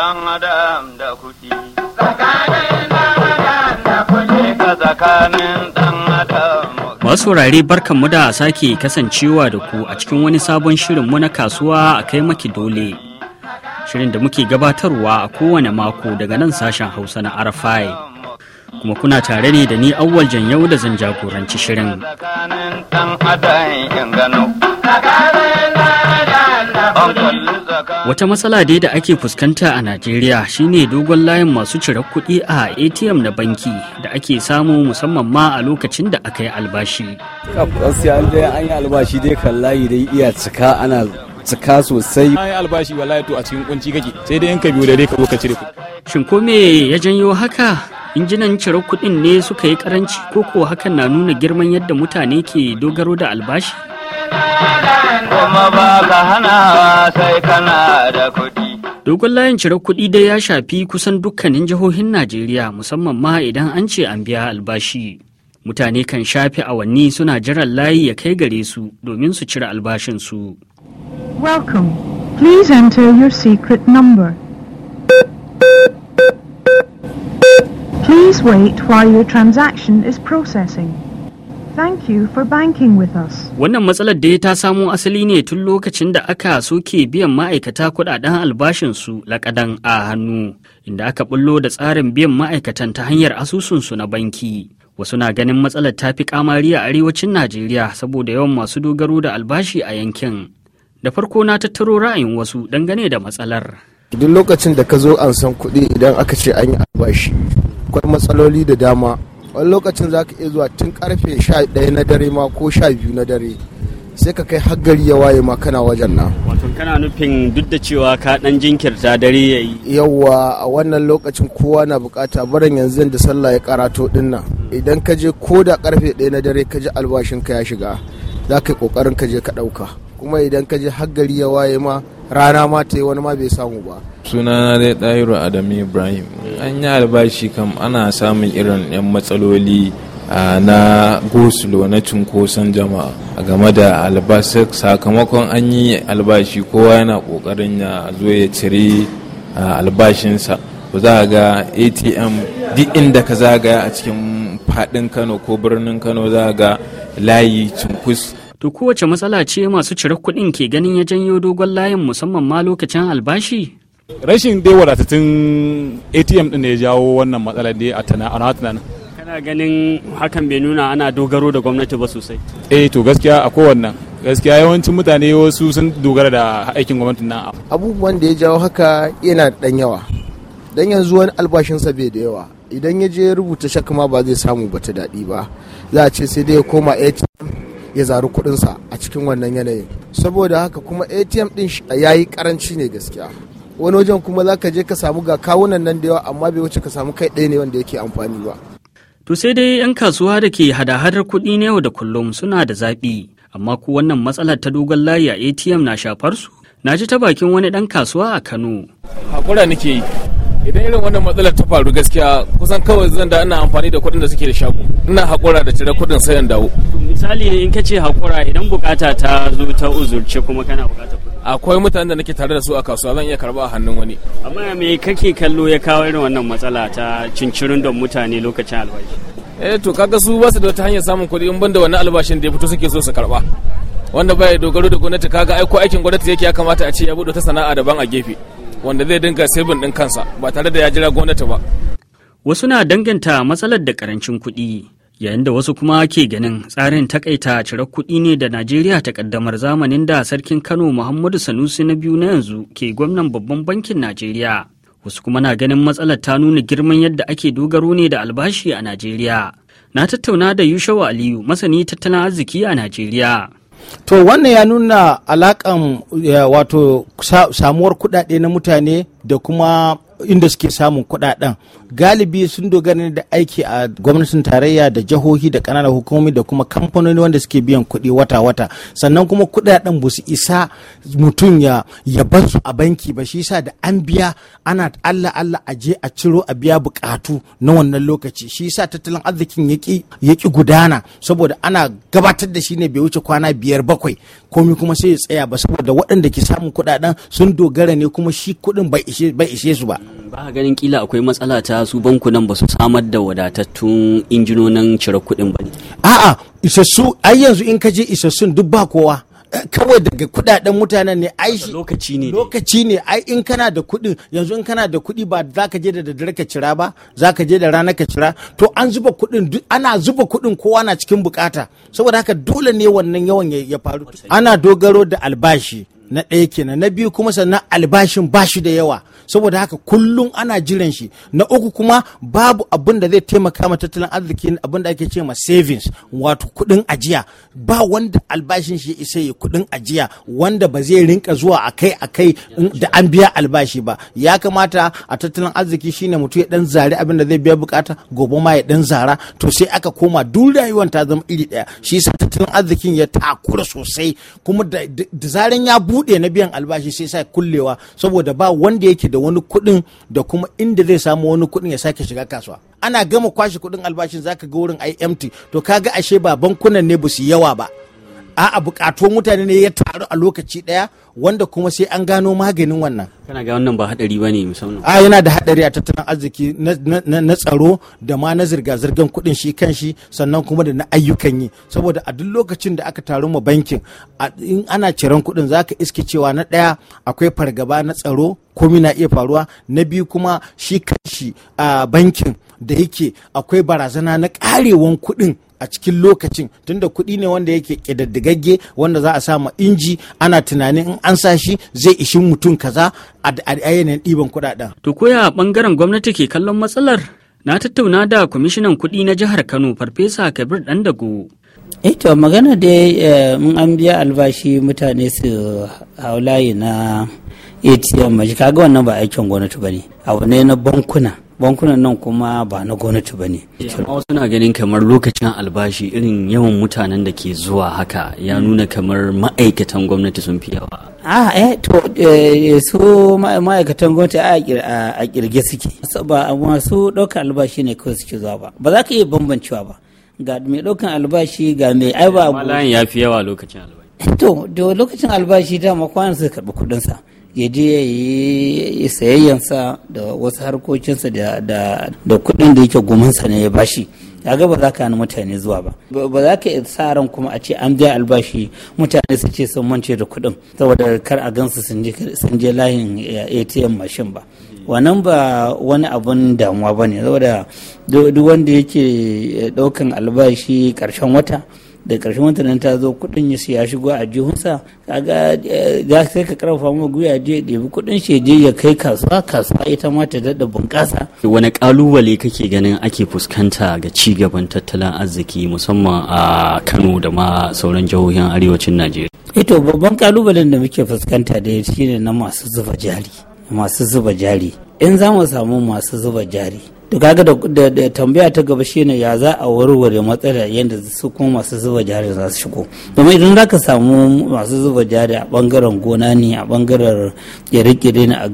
dan Masu wurare barkanmu da sake kasancewa da ku a cikin wani sabon shirinmu na kasuwa a kai maki dole. Shirin da muke gabatarwa a kowane mako daga nan sashen Hausa na Arafai. Kuma kuna tare ne da ni awwal yau da zan jagoranci shirin. Wata matsala dai da ake fuskanta a Najeriya shine dogon layin masu cirar kuɗi a ATM na banki da ake samu musamman ma a lokacin da aka yi albashi. Gaskiya an dai an yi albashi dai kan layi dai iya cika ana cika sosai. An yi albashi wallahi to a cikin kunci kake sai dai yanka biyu da dai ka zo ka cire kuɗi. Shin ko me ya janyo haka? Injinan cirar kuɗin ne suka yi karanci ko ko hakan na nuna girman yadda mutane ke dogaro da albashi? kuma ba ka kuɗi. Dogon layin cire kuɗi dai ya shafi kusan dukkanin jihohin Najeriya musamman ma idan an ce an biya albashi. Mutane kan shafi awanni suna jiran layi ya kai gare su domin su cire albashinsu. Welcome. Please enter your secret number. Please wait while your transaction is processing. Thank you for banking with us. Wannan matsalar ya ta samo asali ne tun lokacin da aka soke biyan ma'aikata kudaden albashinsu lakadan a hannu, inda aka bullo da tsarin biyan ma'aikatan ta hanyar asusunsu na banki. Wasu na ganin matsalar ta fi kamari a arewacin Najeriya saboda yawan masu dogaro da albashi a yankin. Da farko na tattaro ra'ayin wasu dangane da matsalar. Duk lokacin da ka zo an san kuɗi idan aka ce an yi albashi, akwai matsaloli da dama wani lokacin za ka iya zuwa tun karfe sha ɗaya na dare ma ko sha na dare sai ka kai haggari ya waye ma kana wajen na. wato kana nufin duk da cewa ka dan jinkirta dare ya yi yawwa a wannan lokacin kowa na bukata barin yanzu da sallah ya karato din nan idan ka je ko da karfe ɗaya na dare ka ji albashin ka ya shiga za ka yi kokarin ka je ka ɗauka kuma idan ka je haggari ya waye ma rana ma ta yi wani ma bai samu ba suna na dai ɗahiru adamu ibrahim an yi albashi kam ana samun irin 'yan matsaloli na gosulo na cunkoson jama'a game da albashi sakamakon an yi albashi kowa yana kokarin ya zo ya cire albashinsa ba za ga atm duk inda ka zagaya a cikin faɗin kano ko birnin kano za a ga layi cunkus To kowace matsala ce masu cire kuɗin ke ganin ya janyo dogon layin musamman ma lokacin albashi? Rashin dai wadatattun ATM ɗin ne ya jawo wannan matsalar dai a tunanin. Kana ganin hakan bai nuna ana dogaro da gwamnati ba sosai? Eh to gaskiya a kowannan gaskiya yawancin mutane wasu sun dogara da aikin gwamnatin nan abubuwan da ya jawo haka yana ɗan yawa dan yanzu wani albashinsa bai da yawa idan ya je rubuta shakama ba zai samu bata daɗi ba za a ce sai dai ya koma atm ya zaru kuɗinsa a cikin wannan yanayin saboda haka kuma atm ɗin ya yi karanci ne gaskiya wani wajen kuma za ka je ka samu ga kawunan nan da yawa amma bai wuce ka samu kai ɗaya ne wanda yake amfani ba to sai dai 'yan kasuwa da ke hada-hadar kuɗi na yau da kullum suna da zaɓi amma ko wannan matsalar ta dogon layi a atm na shafar su na ji ta bakin wani ɗan kasuwa a kano hakura nake yi idan irin wannan matsalar ta faru gaskiya kusan kawai zan da ina amfani da kuɗin da suke da shago ina hakura da cire kuɗin sayan dawo misali ne in ka ce haƙura idan bukata ta zo ta uzurce kuma kana bukata akwai mutanen da nake tare da su a kasuwa zan iya karba a hannun wani amma me kake kallo ya kawo irin wannan matsala ta cincirin don mutane lokacin albashi eh to kaga su ba su da wata hanyar samun kuɗi in banda wannan albashin da ya fito suke so su karba wanda baya dogaro da gwamnati kaga aiko aikin gwamnati yake ya kamata a ce ya bude ta sana'a daban a gefe wanda zai dinga sabin din kansa ba tare da ya jira gwamnati ba wasu na danganta matsalar da karancin kuɗi yayin da wasu kuma ke ganin tsarin takaita cire kuɗi ne da najeriya ta kaddamar zamanin da sarkin kano muhammadu sanusi na biyu na yanzu ke gwamnan babban bankin najeriya wasu kuma na ganin matsalar ta nuna girman yadda ake dogaro ne da albashi a najeriya na tattauna da yushawa aliyu masani tattalin arziki a najeriya to wannan ya nuna alakan wato samuwar kuɗaɗe na mutane da kuma inda suke samun kuɗaɗen galibi sun dogara ne da aiki a gwamnatin tarayya da jihohi da ƙananan hukumomi da kuma kamfanoni wanda suke biyan kuɗi wata-wata sannan kuma kuɗaɗen ba su isa mutum ya ya su a banki ba shi yasa da an biya ana Allah Allah a je a ciro a biya bukatu na wannan lokaci shi yasa tattalin arzikin ya ki gudana saboda ana gabatar da shi ne bai wuce kwana biyar bakwai komi kuma sai ya tsaya ba saboda waɗanda ke samun kuɗaɗen sun dogara ne kuma shi kuɗin bai bai ishe su ba ba ganin kila akwai matsala ta su bankunan ba su samar da wadatattun injinonin cire kuɗin ba ne a'a isassu ai yanzu in ka je isassun duk ba kowa eh, kawai daga kudaden mutanen ne ai shi lokaci ne lokaci ne ai in kana da kuɗi yanzu in kana da kudi ba za ka je da daddare ka cira ba za ka je da rana ka cira to an zuba kuɗin ana zuba kudin kowa na cikin bukata saboda haka dole ne wannan yawan ya faru ana dogaro da albashi na ɗaya kenan na biyu kuma sannan albashin bashi da yawa saboda haka kullum ana jiran shi na uku kuma babu abin da zai taimaka ma tattalin arziki abin da ake ce ma savings wato kuɗin ajiya ba wanda albashin shi isa ya kuɗin ajiya wanda ba zai rinka zuwa akai akai da an biya albashi ba ya kamata a tattalin arziki shine mutum ya dan zari abin da zai biya bukata gobe ma ya dan zara to sai aka koma duk rayuwar ta zama iri daya shi yasa tattalin arzikin ya takura sosai kuma da zaran ya bude na biyan albashi sai sa kullewa saboda ba wanda yake da wani kuɗin da kuma inda zai samu wani kuɗin ya sake shiga kasuwa ana gama kwashe kuɗin albashin zaka ga wurin ai empty to kaga ashe ba bankunan ne ba su yawa ba a'a bukatun mutane ne ya taru a lokaci daya wanda kuma sai an gano maganin wannan kana ga wannan ba hadari ba ne musamman a yana da hadari a tattalin arziki na tsaro da ma na zirga-zirgar kuɗin shi kan shi sannan kuma da na ayyukan yi saboda a duk lokacin da aka taru ma bankin in ana ciran kuɗin zaka iske cewa na daya akwai fargaba na tsaro komi na iya faruwa na biyu kuma shi kan a bankin da yake akwai barazana na karewan kuɗin a cikin lokacin tunda kuɗi ne wanda yake ƙididdigagge wanda za a sa ma inji ana tunanin in an sa shi zai ishi mutum kaza a yanayin ɗiban kuɗaɗen. To koya a ɓangaren gwamnati ke kallon matsalar na tattauna da kwamishinan kuɗi na jihar Kano Farfesa Kabir Dandago. Eh to magana dai mun eh, an biya albashi mutane su haulayi na ATM kaga wannan ba aikin gwamnati bane abu ne na bankuna. bankunan nan kuma ba na gwamnati ba ne. Amma suna ganin kamar lokacin albashi irin yawan mutanen da ke zuwa haka ya nuna kamar ma'aikatan gwamnati sun fi yawa. A ah, eh to eh, su ma'aikatan gwamnati a kirge suke. Ba masu ɗaukar albashi ne kawai suke zuwa ba. Ba za ka iya bambancewa ba. Ga mai ɗaukar albashi ga mai aiba. Malayan ya fi yawa lokacin albashi. To lokacin albashi dama kwanan sai karɓi kuɗinsa. ya je ya yi sayayyansa da wasu harkokinsa da kuɗin da yake gomansa ne ya bashi Ya ga ba za ka mutane zuwa ba ba za ka sa ran kuma a ce an biya albashi mutane su ce sun mance da kuɗin saboda kar a gansu sun je layin eh, atm mashin ba wannan ba wani abun damuwa ba ne saboda duk wanda yake eh, ɗaukan albashi karshen wata da ƙarshen wata nan ta zo kuɗin ya shigo a jihunsa kaga eh, za sai ka karfafa mu guya je ɗebi kuɗin shi je ya kai kasuwa kasuwa ita ma ta daɗa bunƙasa. wani ƙalubale kake ganin ake fuskanta ga ci gaban tattalin arziki musamman a kano da ma sauran jihohin arewacin najeriya. ito eh babban ƙalubalen da muke fuskanta da shi ne na masu zuba jari masu zuba jari in za mu samu masu zuba jari da kaga da tambaya ta gaba shine ya za a warware matsalar yadda su kuma masu zuba jari za su shigo domin idan ka samu masu zuba jari a bangaren gona ne a bangaren kere-kere ne a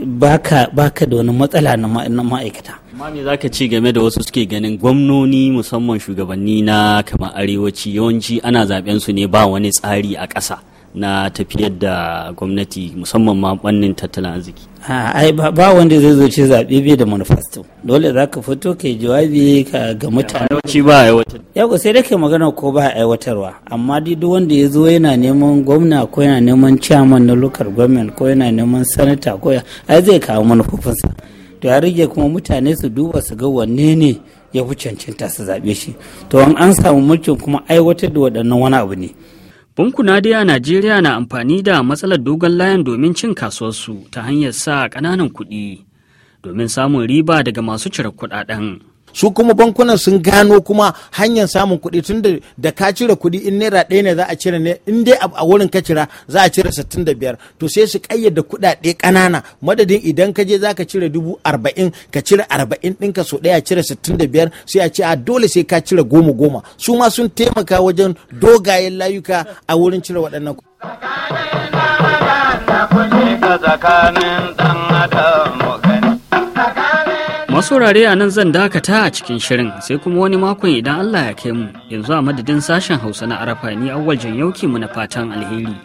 ba baka da wani matsala na ma'aikata amma za ka ce game da wasu suke ganin gwamnoni musamman shugabanni na kamar arewaci yawanci ana zaben su ne ba wani tsari a ƙasa na tafiyar da gwamnati musamman ma bannin tattalin arziki ai ba wanda zai zo ce zaɓe bai da manifesto dole za ka fito ka yi jawabi ga mutane yawanci ba aiwatar yau sai da ke magana ko ba aiwatarwa amma dai duk wanda ya zo yana neman gwamna ko yana neman chairman na lokar gwamnan ko yana neman sanata ko ai zai kawo manufofinsa to ya rage kuma mutane su duba su ga wanne ne ya fi cancanta su zaɓe shi to an samu mulkin kuma aiwatar da waɗannan wani abu ne Bankuna Nadia Najeriya na amfani da matsalar dogon layan domin cin kasuwarsu ta hanyar sa ƙananan kuɗi domin samun riba daga masu cire kuɗaɗen. su kuma bankunan sun gano kuma hanyar samun kuɗi tun da ka cire kuɗi in naira ɗaya ne za a cire ne in dai a wurin ka cira za a cire sittin da biyar to sai su ƙayyade kuɗaɗe ƙanana madadin idan ka je za ka cire dubu arba'in ka cire arba'in ka so ɗaya cire sittin da biyar sai a ce a dole sai ka cire goma goma su ma sun taimaka wajen dogayen layuka a wurin cire waɗannan kuɗi. masu wurare a nan zan dakata a cikin shirin sai kuma wani makon idan Allah ya kai mu yanzu a madadin sashen hausa na arafa ni awwal yauki mu na fatan alheri.